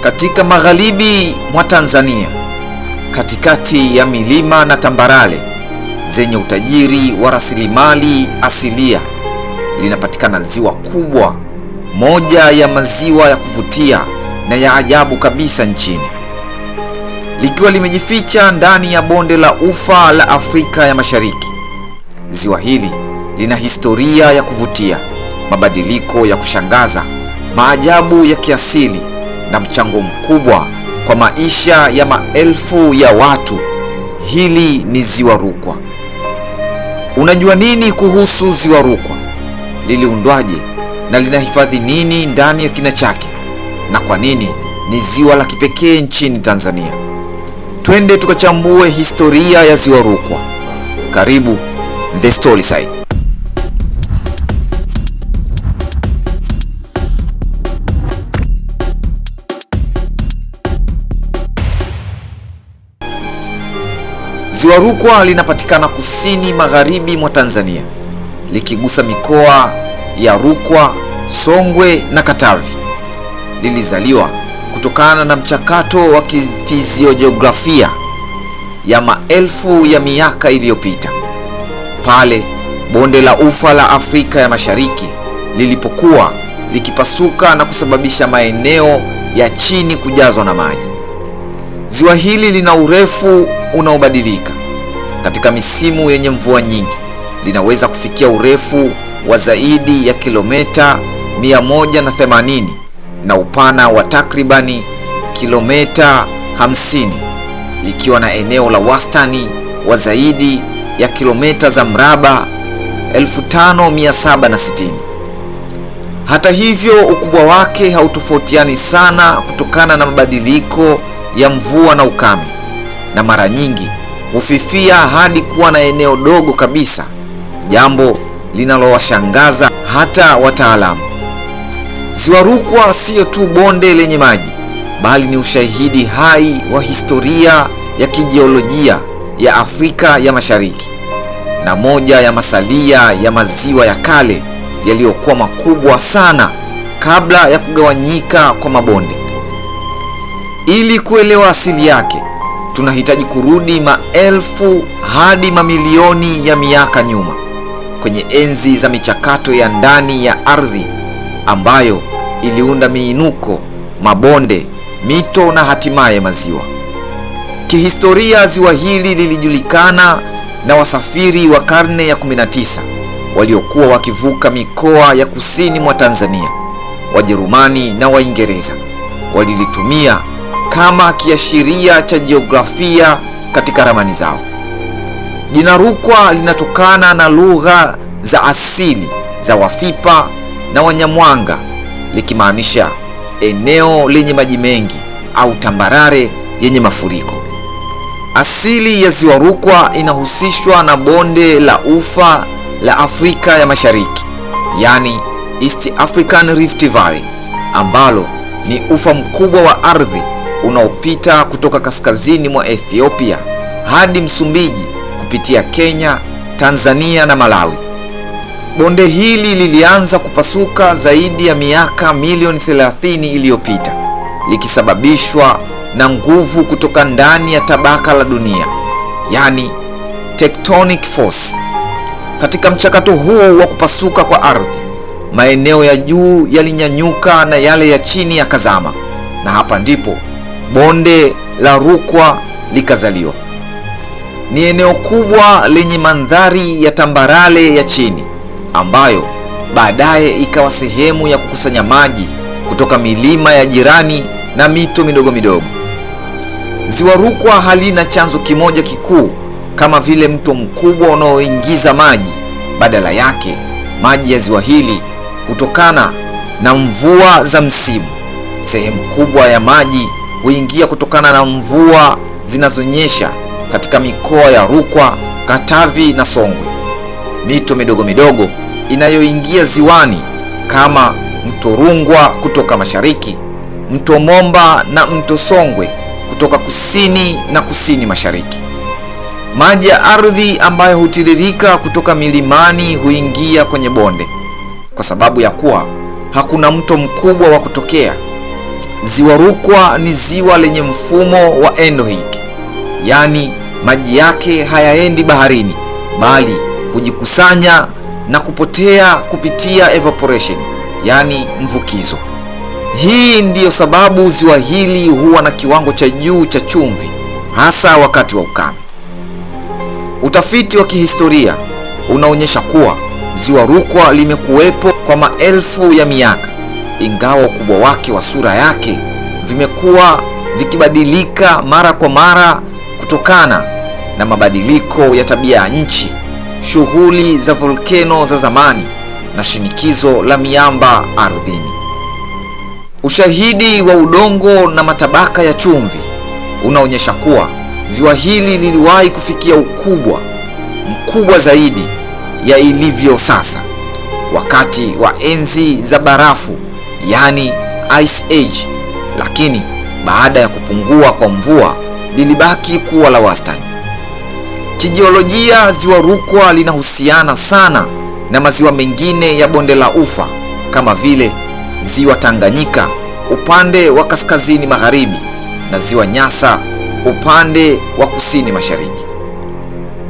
Katika magharibi mwa Tanzania, katikati ya milima na tambarare zenye utajiri wa rasilimali asilia, linapatikana ziwa kubwa, moja ya maziwa ya kuvutia na ya ajabu kabisa nchini, likiwa limejificha ndani ya bonde la ufa la Afrika ya Mashariki. Ziwa hili lina historia ya kuvutia, mabadiliko ya kushangaza, maajabu ya kiasili na mchango mkubwa kwa maisha ya maelfu ya watu. Hili ni Ziwa Rukwa. Unajua nini kuhusu Ziwa Rukwa? Liliundwaje na linahifadhi nini ndani ya kina chake, na kwa nini ni ziwa la kipekee nchini Tanzania? Twende tukachambue historia ya Ziwa Rukwa. Karibu The Side. Ziwa Rukwa linapatikana kusini magharibi mwa Tanzania likigusa mikoa ya Rukwa, Songwe na Katavi. Lilizaliwa kutokana na mchakato wa kifiziojografia ya maelfu ya miaka iliyopita pale bonde la ufa la Afrika ya Mashariki lilipokuwa likipasuka na kusababisha maeneo ya chini kujazwa na maji. Ziwa hili lina urefu unaobadilika katika misimu yenye mvua nyingi linaweza kufikia urefu wa zaidi ya kilomita 180 na upana wa takribani kilomita 50 likiwa na eneo la wastani wa zaidi ya kilomita za mraba 5760. Hata hivyo, ukubwa wake hautofautiani sana kutokana na mabadiliko ya mvua na ukame, na mara nyingi hufifia hadi kuwa na eneo dogo kabisa, jambo linalowashangaza hata wataalamu. Ziwa Rukwa siyo tu bonde lenye maji, bali ni ushahidi hai wa historia ya kijiolojia ya Afrika ya Mashariki na moja ya masalia ya maziwa ya kale yaliyokuwa makubwa sana kabla ya kugawanyika kwa mabonde. Ili kuelewa asili yake tunahitaji kurudi maelfu hadi mamilioni ya miaka nyuma kwenye enzi za michakato ya ndani ya ardhi ambayo iliunda miinuko, mabonde, mito na hatimaye maziwa. Kihistoria, ziwa hili lilijulikana na wasafiri wa karne ya 19 waliokuwa wakivuka mikoa ya kusini mwa Tanzania. Wajerumani na Waingereza walilitumia kama kiashiria cha jiografia katika ramani zao. Jina Rukwa linatokana na lugha za asili za Wafipa na Wanyamwanga, likimaanisha eneo lenye maji mengi au tambarare yenye mafuriko. Asili ya ziwa Rukwa inahusishwa na bonde la ufa la Afrika ya Mashariki, yani East African Rift Valley, ambalo ni ufa mkubwa wa ardhi unaopita kutoka kaskazini mwa Ethiopia hadi Msumbiji kupitia Kenya, Tanzania na Malawi. Bonde hili lilianza kupasuka zaidi ya miaka milioni 30 iliyopita, likisababishwa na nguvu kutoka ndani ya tabaka la dunia, yani tectonic force. Katika mchakato huo wa kupasuka kwa ardhi, maeneo ya juu yalinyanyuka na yale ya chini yakazama, na hapa ndipo bonde la Rukwa likazaliwa. Ni eneo kubwa lenye mandhari ya tambarale ya chini ambayo baadaye ikawa sehemu ya kukusanya maji kutoka milima ya jirani na mito midogo midogo. Ziwa Rukwa halina chanzo kimoja kikuu kama vile mto mkubwa unaoingiza maji. Badala yake, maji ya ziwa hili hutokana na mvua za msimu. Sehemu kubwa ya maji huingia kutokana na mvua zinazonyesha katika mikoa ya Rukwa, Katavi na Songwe. Mito midogo midogo inayoingia ziwani kama mto Rungwa kutoka mashariki, mto Momba na mto Songwe kutoka kusini na kusini mashariki. Maji ya ardhi ambayo hutiririka kutoka milimani huingia kwenye bonde kwa sababu ya kuwa hakuna mto mkubwa wa kutokea Ziwa Rukwa ni ziwa lenye mfumo wa Einohic, yaani maji yake hayaendi baharini bali hujikusanya na kupotea kupitia evaporation, yaani mvukizo. Hii ndiyo sababu ziwa hili huwa na kiwango cha juu cha chumvi hasa wakati wa ukame. Utafiti wa kihistoria unaonyesha kuwa Ziwa Rukwa limekuwepo kwa maelfu ya miaka ingawa ukubwa wake wa sura yake vimekuwa vikibadilika mara kwa mara kutokana na mabadiliko ya tabia ya nchi, shughuli za volkeno za zamani na shinikizo la miamba ardhini. Ushahidi wa udongo na matabaka ya chumvi unaonyesha kuwa ziwa hili liliwahi kufikia ukubwa mkubwa zaidi ya ilivyo sasa wakati wa enzi za barafu yaani Ice Age, lakini baada ya kupungua kwa mvua lilibaki kuwa la wastani. Kijiolojia, ziwa Rukwa linahusiana sana na maziwa mengine ya bonde la Ufa kama vile ziwa Tanganyika upande wa kaskazini magharibi na ziwa Nyasa upande wa kusini mashariki.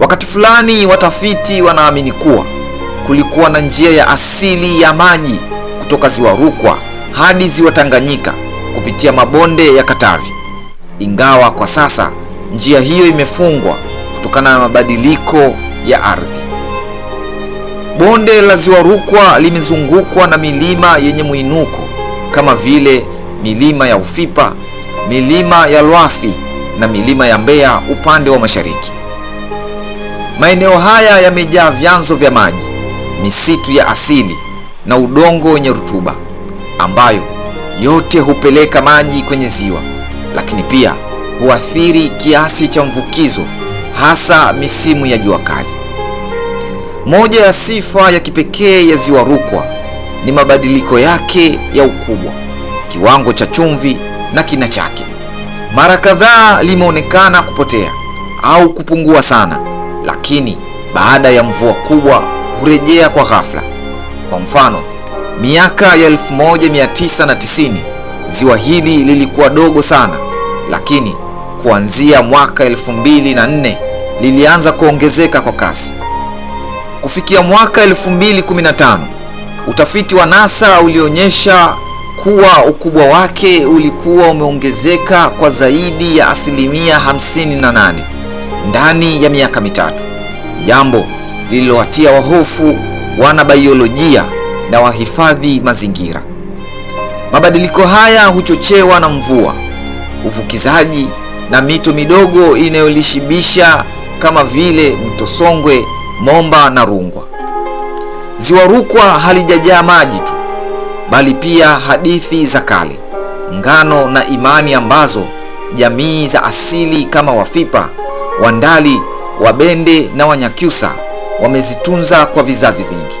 Wakati fulani watafiti wanaamini kuwa kulikuwa na njia ya asili ya maji kutoka ziwa Rukwa hadi ziwa Tanganyika kupitia mabonde ya Katavi, ingawa kwa sasa njia hiyo imefungwa kutokana na mabadiliko ya ardhi. Bonde la ziwa Rukwa limezungukwa na milima yenye mwinuko kama vile milima ya Ufipa, milima ya Lwafi na milima ya Mbeya upande wa mashariki. Maeneo haya yamejaa vyanzo vya maji, misitu ya asili na udongo wenye rutuba, ambayo yote hupeleka maji kwenye ziwa, lakini pia huathiri kiasi cha mvukizo, hasa misimu ya jua kali. Moja ya sifa ya kipekee ya ziwa Rukwa ni mabadiliko yake ya ukubwa, kiwango cha chumvi na kina chake. Mara kadhaa limeonekana kupotea au kupungua sana, lakini baada ya mvua kubwa hurejea kwa ghafla. Kwa mfano, miaka ya 1990 ziwa hili lilikuwa dogo sana, lakini kuanzia mwaka 2004 lilianza kuongezeka kwa kasi. Kufikia mwaka 2015, utafiti wa NASA ulionyesha kuwa ukubwa wake ulikuwa umeongezeka kwa zaidi ya asilimia 58 ndani ya miaka mitatu, jambo lililowatia wahofu wanabaiolojia na wahifadhi mazingira. Mabadiliko haya huchochewa na mvua, uvukizaji na mito midogo inayolishibisha kama vile mto Songwe, Momba na Rungwa. Ziwa Rukwa halijajaa maji tu, bali pia hadithi za kale, ngano na imani ambazo jamii za asili kama Wafipa, Wandali, Wabende na Wanyakyusa wamezitunza kwa vizazi vingi.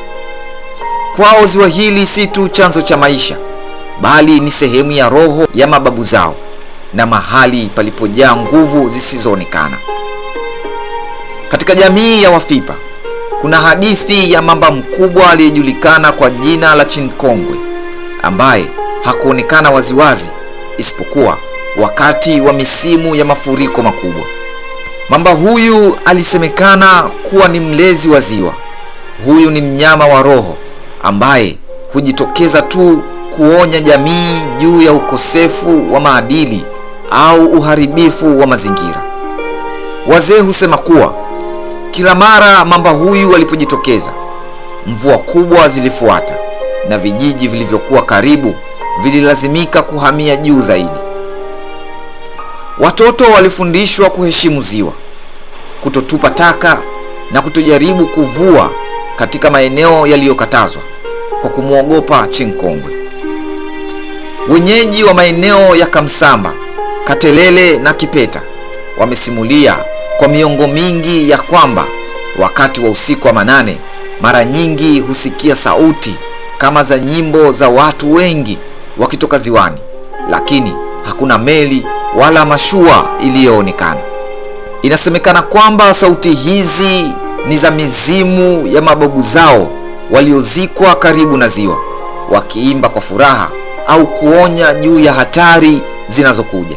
Kwao ziwa hili si tu chanzo cha maisha, bali ni sehemu ya roho ya mababu zao na mahali palipojaa nguvu zisizoonekana. Katika jamii ya Wafipa kuna hadithi ya mamba mkubwa aliyejulikana kwa jina la Chinkongwe ambaye hakuonekana waziwazi isipokuwa wakati wa misimu ya mafuriko makubwa. Mamba huyu alisemekana kuwa ni mlezi wa ziwa. Huyu ni mnyama wa roho ambaye hujitokeza tu kuonya jamii juu ya ukosefu wa maadili au uharibifu wa mazingira. Wazee husema kuwa kila mara mamba huyu alipojitokeza, mvua kubwa zilifuata na vijiji vilivyokuwa karibu vililazimika kuhamia juu zaidi. Watoto walifundishwa kuheshimu ziwa, kutotupa taka na kutojaribu kuvua katika maeneo yaliyokatazwa kwa kumwogopa Chinkongwe. Wenyeji wa maeneo ya Kamsamba, Katelele na Kipeta wamesimulia kwa miongo mingi ya kwamba wakati wa usiku wa manane mara nyingi husikia sauti kama za nyimbo za watu wengi wakitoka ziwani, lakini hakuna meli wala mashua iliyoonekana. Inasemekana kwamba sauti hizi ni za mizimu ya mababu zao waliozikwa karibu na ziwa, wakiimba kwa furaha au kuonya juu ya hatari zinazokuja.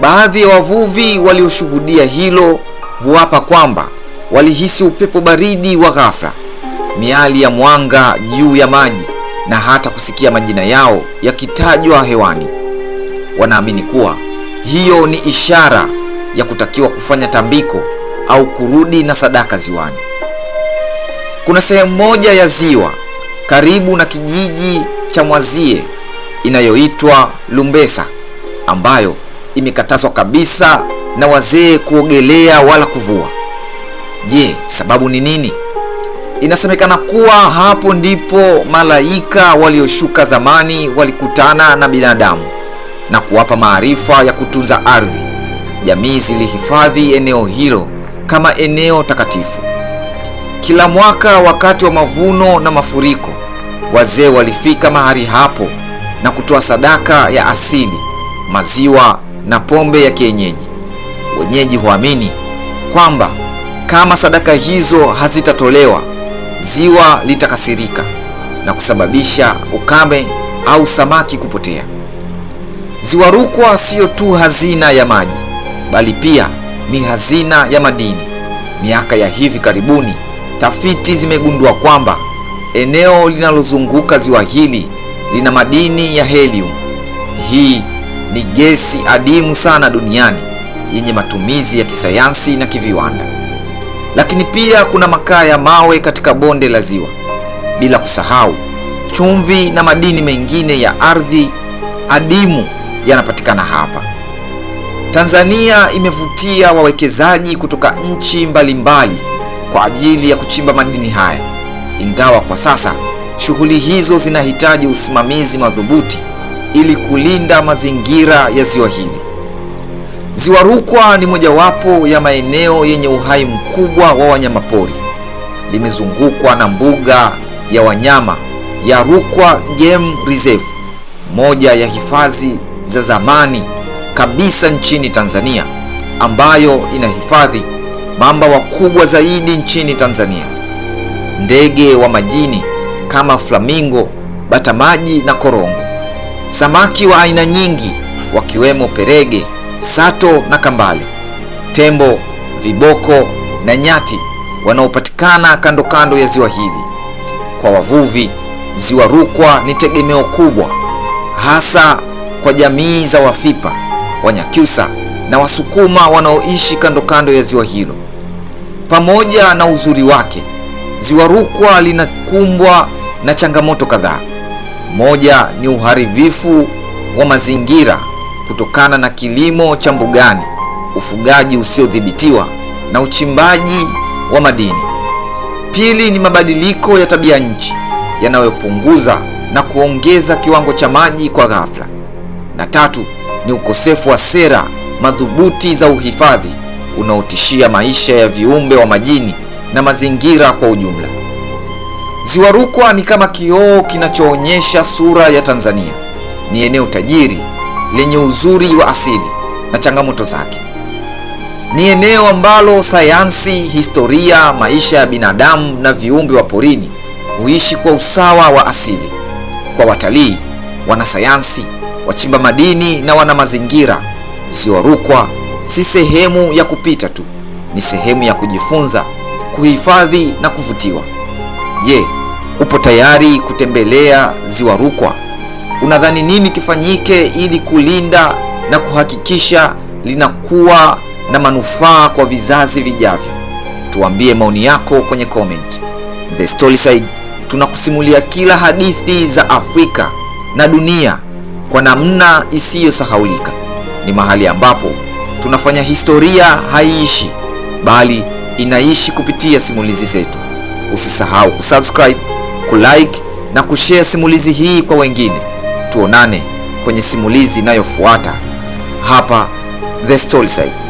Baadhi ya wavuvi walioshuhudia hilo huapa kwamba walihisi upepo baridi wa ghafla, miali ya mwanga juu ya maji na hata kusikia majina yao yakitajwa hewani wanaamini kuwa hiyo ni ishara ya kutakiwa kufanya tambiko au kurudi na sadaka ziwani. Kuna sehemu moja ya ziwa karibu na kijiji cha Mwazie inayoitwa Lumbesa ambayo imekatazwa kabisa na wazee kuogelea wala kuvua. Je, sababu ni nini? Inasemekana kuwa hapo ndipo malaika walioshuka zamani walikutana na binadamu na kuwapa maarifa ya kutunza ardhi. Jamii zilihifadhi eneo hilo kama eneo takatifu. Kila mwaka wakati wa mavuno na mafuriko, wazee walifika mahali hapo na kutoa sadaka ya asili, maziwa na pombe ya kienyeji. Wenyeji huamini kwamba kama sadaka hizo hazitatolewa, ziwa litakasirika na kusababisha ukame au samaki kupotea. Ziwa Rukwa siyo tu hazina ya maji bali pia ni hazina ya madini. Miaka ya hivi karibuni, tafiti zimegundua kwamba eneo linalozunguka ziwa hili lina madini ya helium. Hii ni gesi adimu sana duniani yenye matumizi ya kisayansi na kiviwanda. Lakini pia kuna makaa ya mawe katika bonde la ziwa, bila kusahau chumvi na madini mengine ya ardhi adimu yanapatikana hapa. Tanzania imevutia wawekezaji kutoka nchi mbalimbali kwa ajili ya kuchimba madini haya, ingawa kwa sasa shughuli hizo zinahitaji usimamizi madhubuti ili kulinda mazingira ya ziwa hili. Ziwa Rukwa ni mojawapo ya maeneo yenye uhai mkubwa wa wanyamapori. Limezungukwa na mbuga ya wanyama ya Rukwa Game Reserve, moja ya hifadhi za zamani kabisa nchini Tanzania ambayo inahifadhi mamba wakubwa zaidi nchini Tanzania, ndege wa majini kama flamingo, bata maji na korongo, samaki wa aina nyingi wakiwemo perege, sato na kambale, tembo, viboko na nyati wanaopatikana kando kando ya ziwa hili. Kwa wavuvi, ziwa Rukwa ni tegemeo kubwa hasa kwa jamii za Wafipa, Wanyakyusa na Wasukuma wanaoishi kando kando ya ziwa hilo. Pamoja na uzuri wake, ziwa Rukwa linakumbwa na changamoto kadhaa. Moja ni uharibifu wa mazingira kutokana na kilimo cha mbugani, ufugaji usiodhibitiwa na uchimbaji wa madini. Pili ni mabadiliko ya tabia nchi yanayopunguza na kuongeza kiwango cha maji kwa ghafla. Na tatu ni ukosefu wa sera madhubuti za uhifadhi unaotishia maisha ya viumbe wa majini na mazingira kwa ujumla. Ziwa Rukwa ni kama kioo kinachoonyesha sura ya Tanzania. Ni eneo tajiri lenye uzuri wa asili na changamoto zake. Ni eneo ambalo sayansi, historia, maisha ya binadamu na viumbe wa porini huishi kwa usawa wa asili. Kwa watalii, wanasayansi wachimba madini na wana mazingira. Ziwa Rukwa si sehemu ya kupita tu, ni sehemu ya kujifunza, kuhifadhi na kuvutiwa. Je, upo tayari kutembelea Ziwa Rukwa? Unadhani nini kifanyike ili kulinda na kuhakikisha linakuwa na manufaa kwa vizazi vijavyo? Tuambie maoni yako kwenye comment. The Storyside tunakusimulia kila hadithi za Afrika na dunia kwa namna isiyosahaulika. Ni mahali ambapo tunafanya historia haiishi, bali inaishi kupitia simulizi zetu. Usisahau kusubscribe, kulike na kushare simulizi hii kwa wengine. Tuonane kwenye simulizi inayofuata hapa The Side.